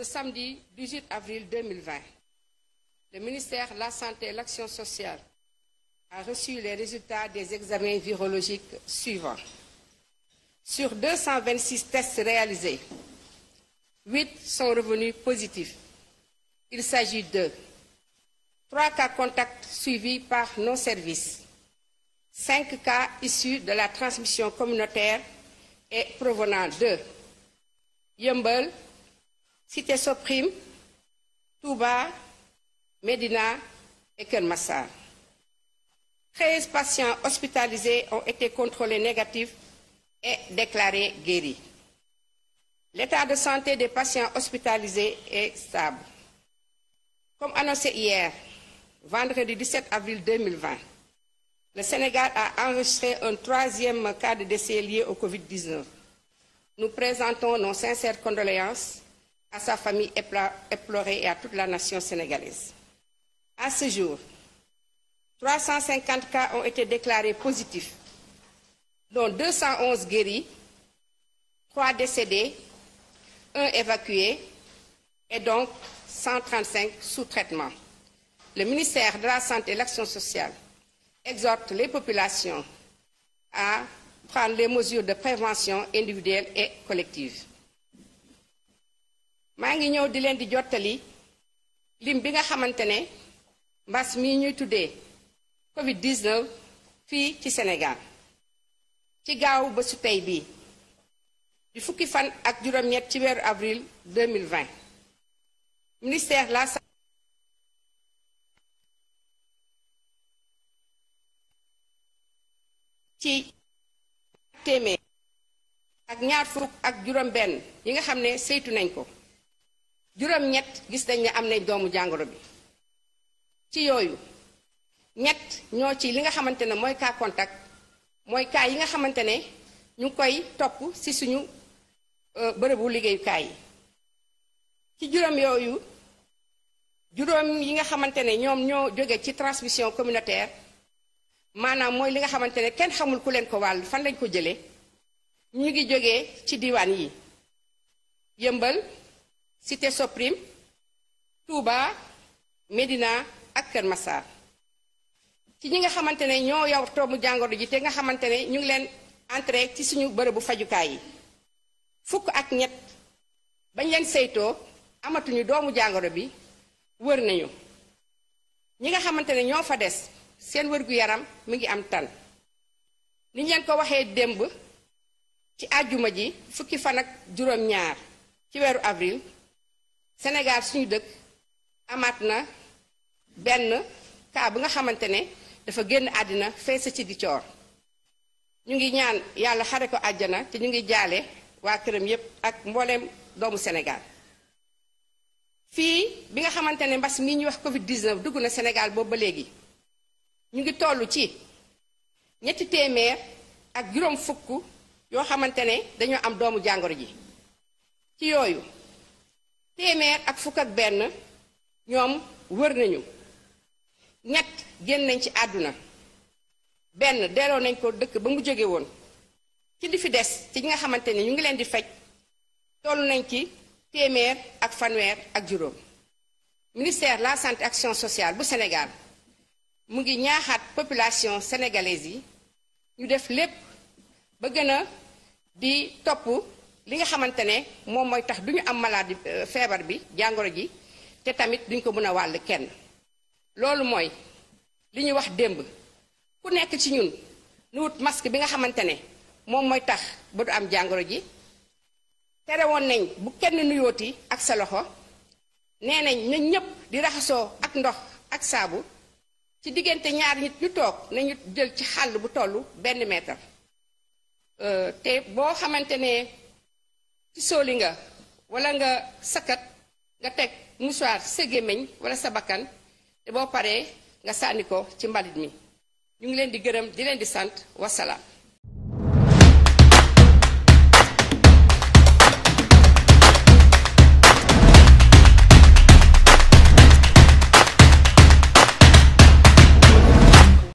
ce samedi 18 avril 2020. Le ministère de la Santé et de l'Action sociale a reçu les résultats des examens virologiques suivants. Sur 226 tests réalisés, 8 sont revenus positifs. Il s'agit de 3 cas contacts suivis par nos services, 5 cas issus de la transmission communautaire et provenant de Cité Soprim, Touba, Médina et Kermassar. 13 patients hospitalisés ont été contrôlés négatifs et déclarés guéris. L'état de santé des patients hospitalisés est stable. Comme annoncé hier, vendredi 17 avril 2020, le Sénégal a enregistré un troisième cas de décès lié au Covid-19. Nous présentons nos sincères condoléances à sa famille éplorée et à toute la nation sénégalaise. À ce jour, 350 cas ont été déclarés positifs, dont 211 guéris, 3 décédés, 1 évacué et donc 135 sous traitement. Le ministère de la Santé et de l'Action sociale exhorte les populations à prendre les mesures de prévention individuelle et collective. maa ngi ñëw di leen di jottali lim bi nga xamante ne mbas mi ñuy tuddee Covid 19 fii ci senegal ci gaaw ba su tey bii di fukki fan ak juróom-ñett ci weeru avril 2020 la la ci téeméer ak ñaar fukk ak juróom benn yi nga xam ne seytu nañ ko juróom-ñett gis nañ ne am nañ doomu jàngoro bi ci yooyu ñett ñoo ci li nga xamante ne mooy cas contact mooy cas yi nga xamante ne ñu ngi koy topp ci suñu euh, bërëbu liggéeyukaay yi ci juróom yooyu juróom yi nga xamante ne ñoom ñoo jóge ci transmission communautaire maanaam mooy li nga xamante ne kenn xamul ku leen ko wàll fan lañ ko jëlee ñu ngi jógee ci diiwaan yi yëmbal Cité soprime Touba Médina ak Kër Massar ci ñi nga xamante ne ñoo yow toomu jàngoro ji te nga xamante ne ñu ngi leen entré ci suñu bërëbu fajukaay yi fukk ak ñett bañ leen saytoo amatuñu doomu jàngoro bi wër nañu ñi nga xamante ne ñoo fa des seen wër gu yaram mi ngi am tan ni ñu leen ko waxee démb ci àjjuma ji fukki fan ak juróom-ñaar ci weeru avril Sénégal suñu dëkk amaat na benn cas bu nga xamante ne dafa génn àddina feesa ci di coor ñu ngi ñaan yàlla xare ko àjjana te ñu ngi jaale waa këram yépp ak mbooleem doomu Sénégal fii bi nga xamante ne mbas mii ñuy wax Covid 19 dugg na Sénégal boobu ba léegi ñu ngi toll ci ñetti téeméer ak juróom fukk yoo xamante ne dañoo am doomu jàngoro ji ci yooyu téeméer ak fukk ak benn ñoom wër nañu ñett génn nañ ci àdduna benn delloo nañ ko dëkk ba mu jóge woon ci li fi des ci ñi nga xamante ni ñu ngi leen di faj toll nañ ci téeméer ak fanweer ak juróom ministère la santé action sociale bu Sénégal mu ngi ñaaxaat population sénégalaise yi ñu def lépp ba gën di topp li nga xamante ne moom mooy tax du ñu am maladie euh, feebar bi jàngoro ji te tamit duñ ko mën a wàll kenn loolu mooy li ñuy wax démb ku nekk ci ñun nu wut masque bi nga xamante ne moom mooy tax ba du am jàngoro ji tere woon nañ bu kenn nuyooti ak sa loxo nee nañ na di raxasoo ak ndox ak saabu ci diggante ñaar nit ñu toog nañu jël ci xàll bu toll benn mètre euh, te boo xamante ne sooli nga wala nga sakat nga teg musuwaar sa gémmiñ wala sa bakkan te boo paree nga sànni ko ci mbalit mi ñu ngi leen di gërëm di leen di sant wasala